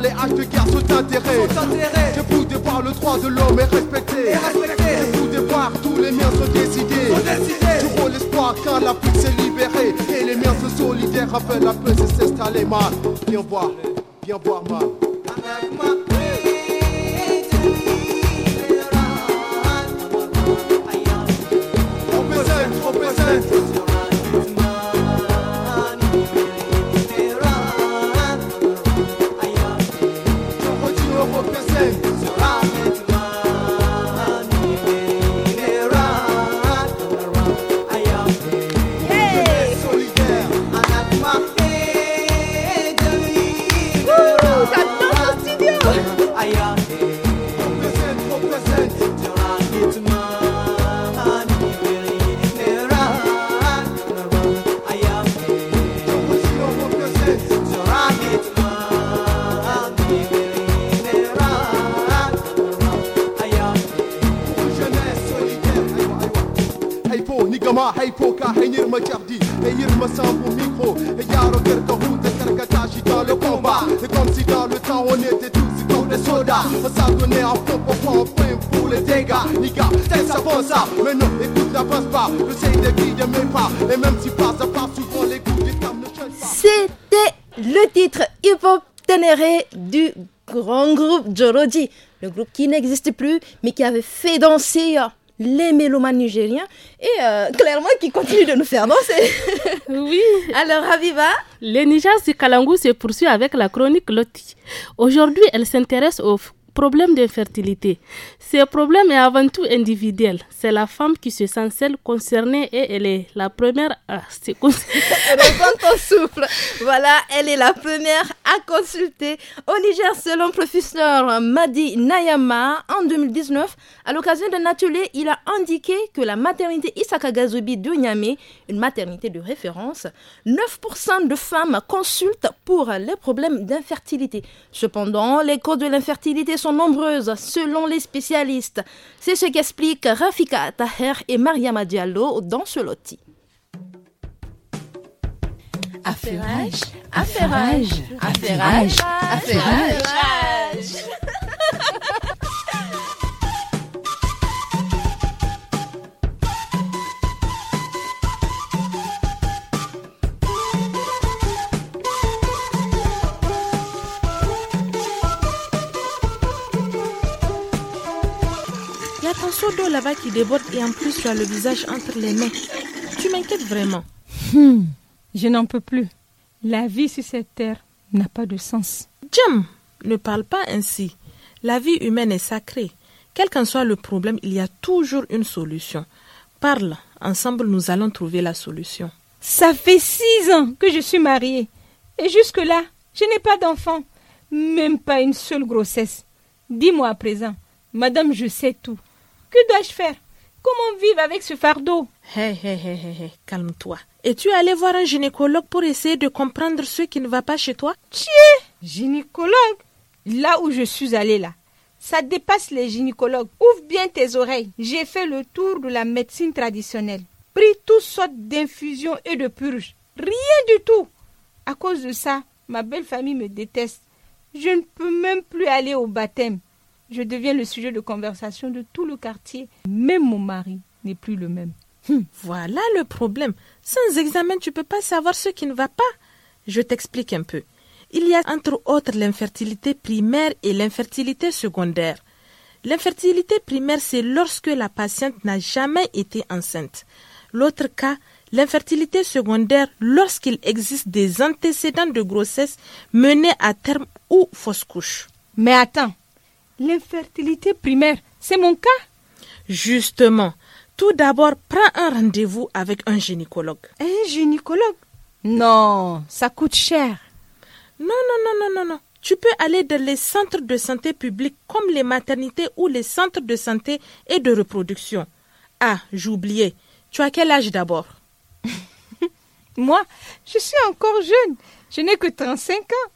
les actes de guerre sont enterrées. Je vous par le droit de l'homme est respecté. Je vous départ tous les miens sont décidés. Toujours l'espoir quand la pluie s'est libérée. Et les miens se solidaires afin la paix s'est installée. mal viens voir, viens voir, mal. On on titre Hip-Hop du grand groupe Jorodi, le groupe qui n'existe plus, mais qui avait fait danser euh, les mélomanes nigériens et euh, clairement qui continue de nous faire danser. oui. Alors, Aviva Les du Kalangu se poursuit avec la chronique Loti. Aujourd'hui, elle s'intéresse au problème d'infertilité. Ce problème est avant tout individuel. C'est la femme qui se sent celle concernée et elle est la première à se Voilà, elle est la première à consulter. Au Niger, selon professeur Madi Nayama, en 2019, à l'occasion d'un atelier, il a indiqué que la maternité Isaka Gazobi de Niamey, une maternité de référence, 9% de femmes consultent pour les problèmes d'infertilité. Cependant, les causes de l'infertilité sont nombreuses, selon les spécialistes. C'est ce qu'expliquent Rafika Taher et Mariama Diallo dans ce loti. là-bas qui déborde et en plus tu as le visage entre les mains. Tu m'inquiètes vraiment. Hmm, je n'en peux plus. La vie sur cette terre n'a pas de sens. Jim, ne parle pas ainsi. La vie humaine est sacrée. Quel qu'en soit le problème, il y a toujours une solution. Parle, ensemble nous allons trouver la solution. Ça fait six ans que je suis mariée. Et jusque-là, je n'ai pas d'enfant. Même pas une seule grossesse. Dis-moi à présent, madame, je sais tout. Que dois-je faire Comment vivre avec ce fardeau Hé, hé, hé, hé, calme-toi. Es-tu allé voir un gynécologue pour essayer de comprendre ce qui ne va pas chez toi Tiens Gynécologue Là où je suis allée là, ça dépasse les gynécologues. Ouvre bien tes oreilles. J'ai fait le tour de la médecine traditionnelle. Pris toutes sortes d'infusions et de purges. Rien du tout. À cause de ça, ma belle famille me déteste. Je ne peux même plus aller au baptême. Je deviens le sujet de conversation de tout le quartier. Même mon mari n'est plus le même. Hmm, voilà le problème. Sans examen, tu peux pas savoir ce qui ne va pas. Je t'explique un peu. Il y a entre autres l'infertilité primaire et l'infertilité secondaire. L'infertilité primaire, c'est lorsque la patiente n'a jamais été enceinte. L'autre cas, l'infertilité secondaire, lorsqu'il existe des antécédents de grossesse menés à terme ou fausse couche. Mais attends, L'infertilité primaire, c'est mon cas Justement, tout d'abord, prends un rendez-vous avec un gynécologue. Un gynécologue Non, ça coûte cher. Non, non, non, non, non, non. Tu peux aller dans les centres de santé publics comme les maternités ou les centres de santé et de reproduction. Ah, j'oubliais. Tu as quel âge d'abord Moi, je suis encore jeune. Je n'ai que 35 ans.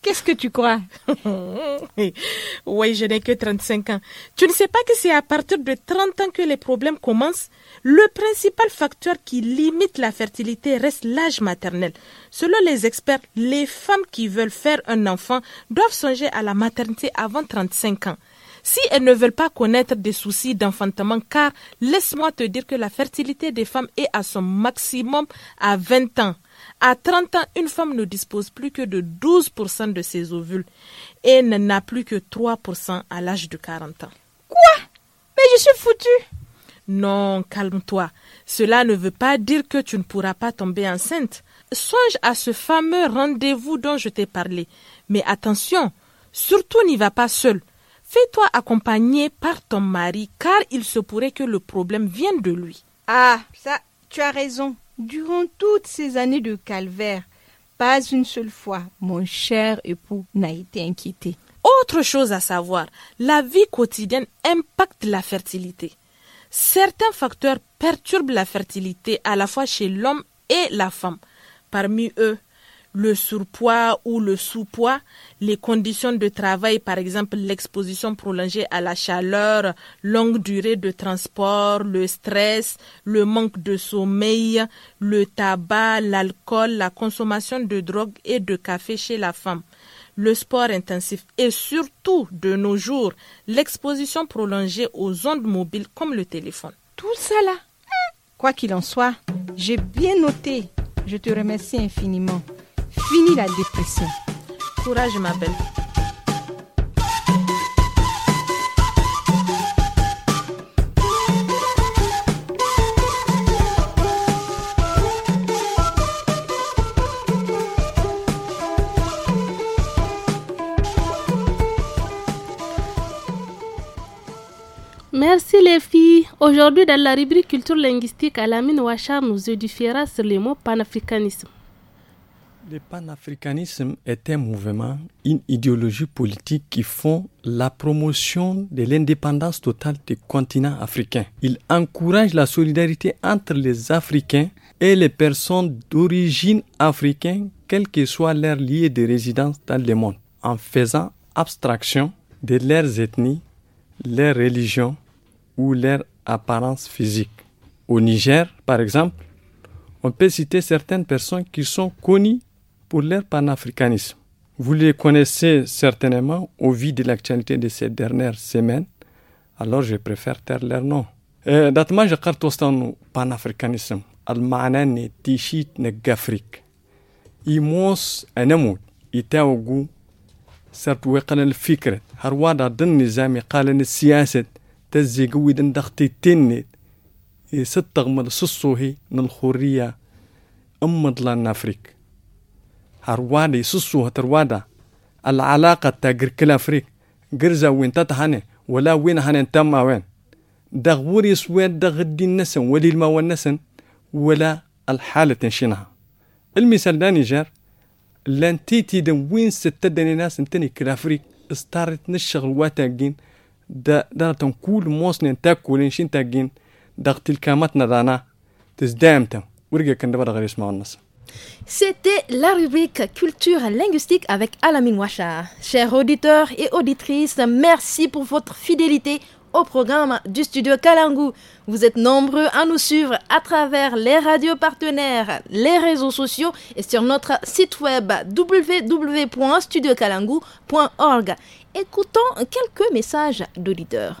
Qu'est-ce que tu crois Oui, je n'ai que 35 ans. Tu ne sais pas que c'est à partir de 30 ans que les problèmes commencent Le principal facteur qui limite la fertilité reste l'âge maternel. Selon les experts, les femmes qui veulent faire un enfant doivent songer à la maternité avant 35 ans si elles ne veulent pas connaître des soucis d'enfantement, car laisse-moi te dire que la fertilité des femmes est à son maximum à 20 ans. À 30 ans, une femme ne dispose plus que de 12% de ses ovules et n'a plus que 3% à l'âge de 40 ans. Quoi Mais je suis foutue Non, calme-toi. Cela ne veut pas dire que tu ne pourras pas tomber enceinte. Songe à ce fameux rendez-vous dont je t'ai parlé. Mais attention, surtout n'y va pas seul. Fais-toi accompagner par ton mari car il se pourrait que le problème vienne de lui. Ah, ça, tu as raison. Durant toutes ces années de calvaire, pas une seule fois mon cher époux n'a été inquiété. Autre chose à savoir, la vie quotidienne impacte la fertilité. Certains facteurs perturbent la fertilité à la fois chez l'homme et la femme. Parmi eux, le surpoids ou le sous-poids, les conditions de travail, par exemple l'exposition prolongée à la chaleur, longue durée de transport, le stress, le manque de sommeil, le tabac, l'alcool, la consommation de drogues et de café chez la femme le sport intensif et surtout de nos jours l'exposition prolongée aux ondes mobiles comme le téléphone. Tout cela. Hein, quoi qu'il en soit, j'ai bien noté. Je te remercie infiniment. Fini la dépression. Courage, ma belle. Merci les filles. Aujourd'hui, dans la rubrique culture linguistique, Alamine Ouachar nous édifiera sur les mots panafricanisme. Le panafricanisme est un mouvement, une idéologie politique qui font la promotion de l'indépendance totale du continent africain. Il encourage la solidarité entre les Africains et les personnes d'origine africaine, quel que soit leur lieu de résidence dans le monde, en faisant abstraction de leurs ethnies, leurs religions ou leur apparence physique. Au Niger, par exemple, on peut citer certaines personnes qui sont connues pour leur panafricanisme. Vous les connaissez certainement au vu de l'actualité de ces dernières semaines, alors je préfère taire leur nom. D'autrement, je crois panafricanisme, a ne tichit ne gafrique. Imos enemu, ite ogu, certes wekan el harwa da den nizam e kalen siaset, te zigu idem dakhti tinnit, e sit tagmad هروادي سسو هتروادا العلاقة تاجر كلا فريق جرزا وين تتهني ولا وين هنن تاما وين دغوري سواد دغدي النسن ولي الما والنسن ولا الحالة تنشينها المثال داني جار لان تيتي دن وين ستدني ناس انتني كلافريك استارت نشغل واتاقين دا دا تنكول موسن تاكول انشين تاقين دغتي الكامات ندانا تزدامتم ورقا كان دبرا غير يسمعوا C'était la rubrique Culture linguistique avec Alamine Wacha. Chers auditeurs et auditrices, merci pour votre fidélité au programme du studio Kalangu. Vous êtes nombreux à nous suivre à travers les radios partenaires, les réseaux sociaux et sur notre site web www.studiokalangu.org. Écoutons quelques messages d'auditeurs.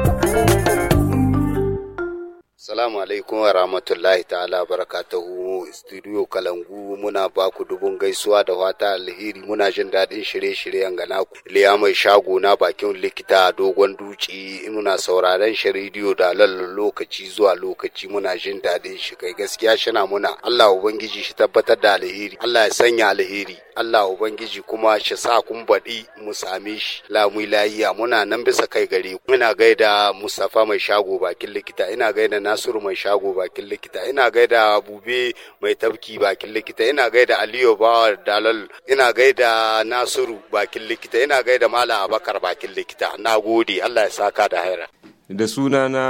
Assalamu alaikum wa rahmatullahi ta'ala barakatuhu studio Kalangu muna baku dubun gaisuwa da wata alheri muna jin daɗin shirye-shiryen ga naku. Liya mai shago na bakin likita dogon duci muna sauraron shi rediyo da lallan lokaci zuwa lokaci muna jin daɗin shi kai gaskiya shina muna Allah ubangiji shi tabbatar da alheri Allah ya sanya alheri Allah ubangiji kuma shi sa kun baɗi mu same shi lamu layiya muna nan bisa kai gare muna gaida Mustapha mai shago bakin likita ina gaida na. nasiru mai shago bakin likita ina gaida bube mai tafki bakin likita ina gaida aliyu bawa dalal ina gaida nasiru bakin likita ina gaida mala abakar bakin likita na gode allah ya saka da haira da suna na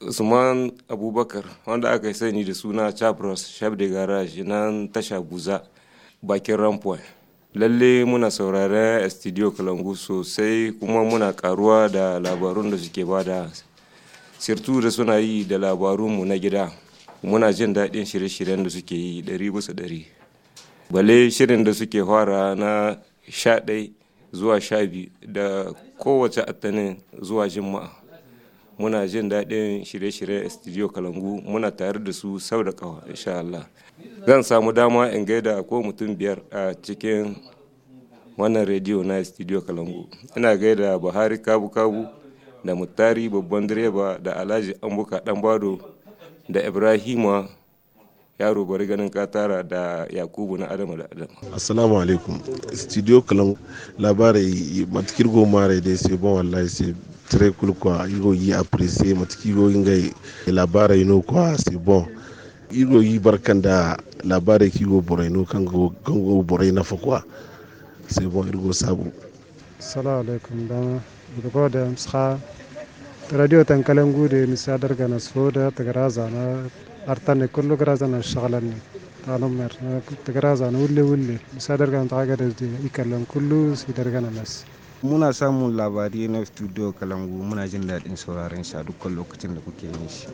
usman abubakar wanda aka sani da suna chapros shaf de garage nan tasha buza bakin rampoy lalle muna sauraren studio kalangu sosai kuma muna karuwa da labarun da suke bada sirtu da suna yi da labarunmu na gida muna jin daɗin shirye-shiryen da suke yi ɗari bisa ɗari bale shirin da suke fara na sha ɗai zuwa sha biyu da kowace attanin zuwa jima'a muna jin daɗin shirye-shiryen studio kalangu muna tare da su sau da kawa insha Allah zan samu dama in gaida ko mutum biyar a cikin wannan rediyo na studio kalangu ina gaida buhari kabu-kabu da muttari babban direba da alhaji ambuka dan bado da ibrahima yaro bari ganin katara da yakubu na adamu da adamu assalamu alaikum studio kalam labarai matakir goma rai dai sai ban wallahi sai tare kulkwa iro yi aprese matakir goyin gai labarai no kwa sai ban iro yi barkan da labarai kigo borai no kan go borai na fakwa sai ban irgo sabu assalamu alaikum dama bugo da msha radio tan kalangu de misadar gana soda tagara zana artane kullu gara zana shagalanni tanumar tagara zana wulle wulle misadar gana taga da ikallan kullu sidar gana nas muna samun labari na studio kalangu muna jin daɗin sauraron shi a dukkan lokacin da kuke yin shi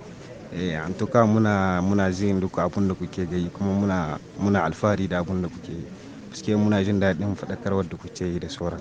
eh an tuka muna muna jin duk abin da kuke gayi kuma muna muna alfahari da abin da kuke yi muna jin daɗin faɗakarwar da kuke yi da sauran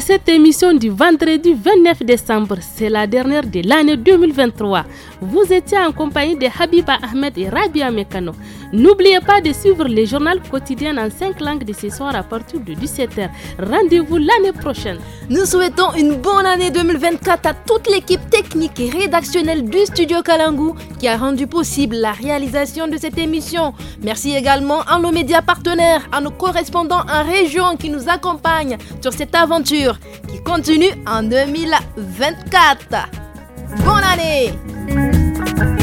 cette émission du vendredi 29 décembre. C'est la dernière de l'année 2023. Vous étiez en compagnie de Habiba Ahmed et Rabia Mekano. N'oubliez pas de suivre les journaux quotidiens en cinq langues de ce soir à partir de 17h. Rendez-vous l'année prochaine. Nous souhaitons une bonne année 2024 à toute l'équipe technique et rédactionnelle du studio Kalangu qui a rendu possible la réalisation de cette émission. Merci également à nos médias partenaires, à nos correspondants en région qui nous accompagnent sur cette aventure qui continue en 2024. Bonne année!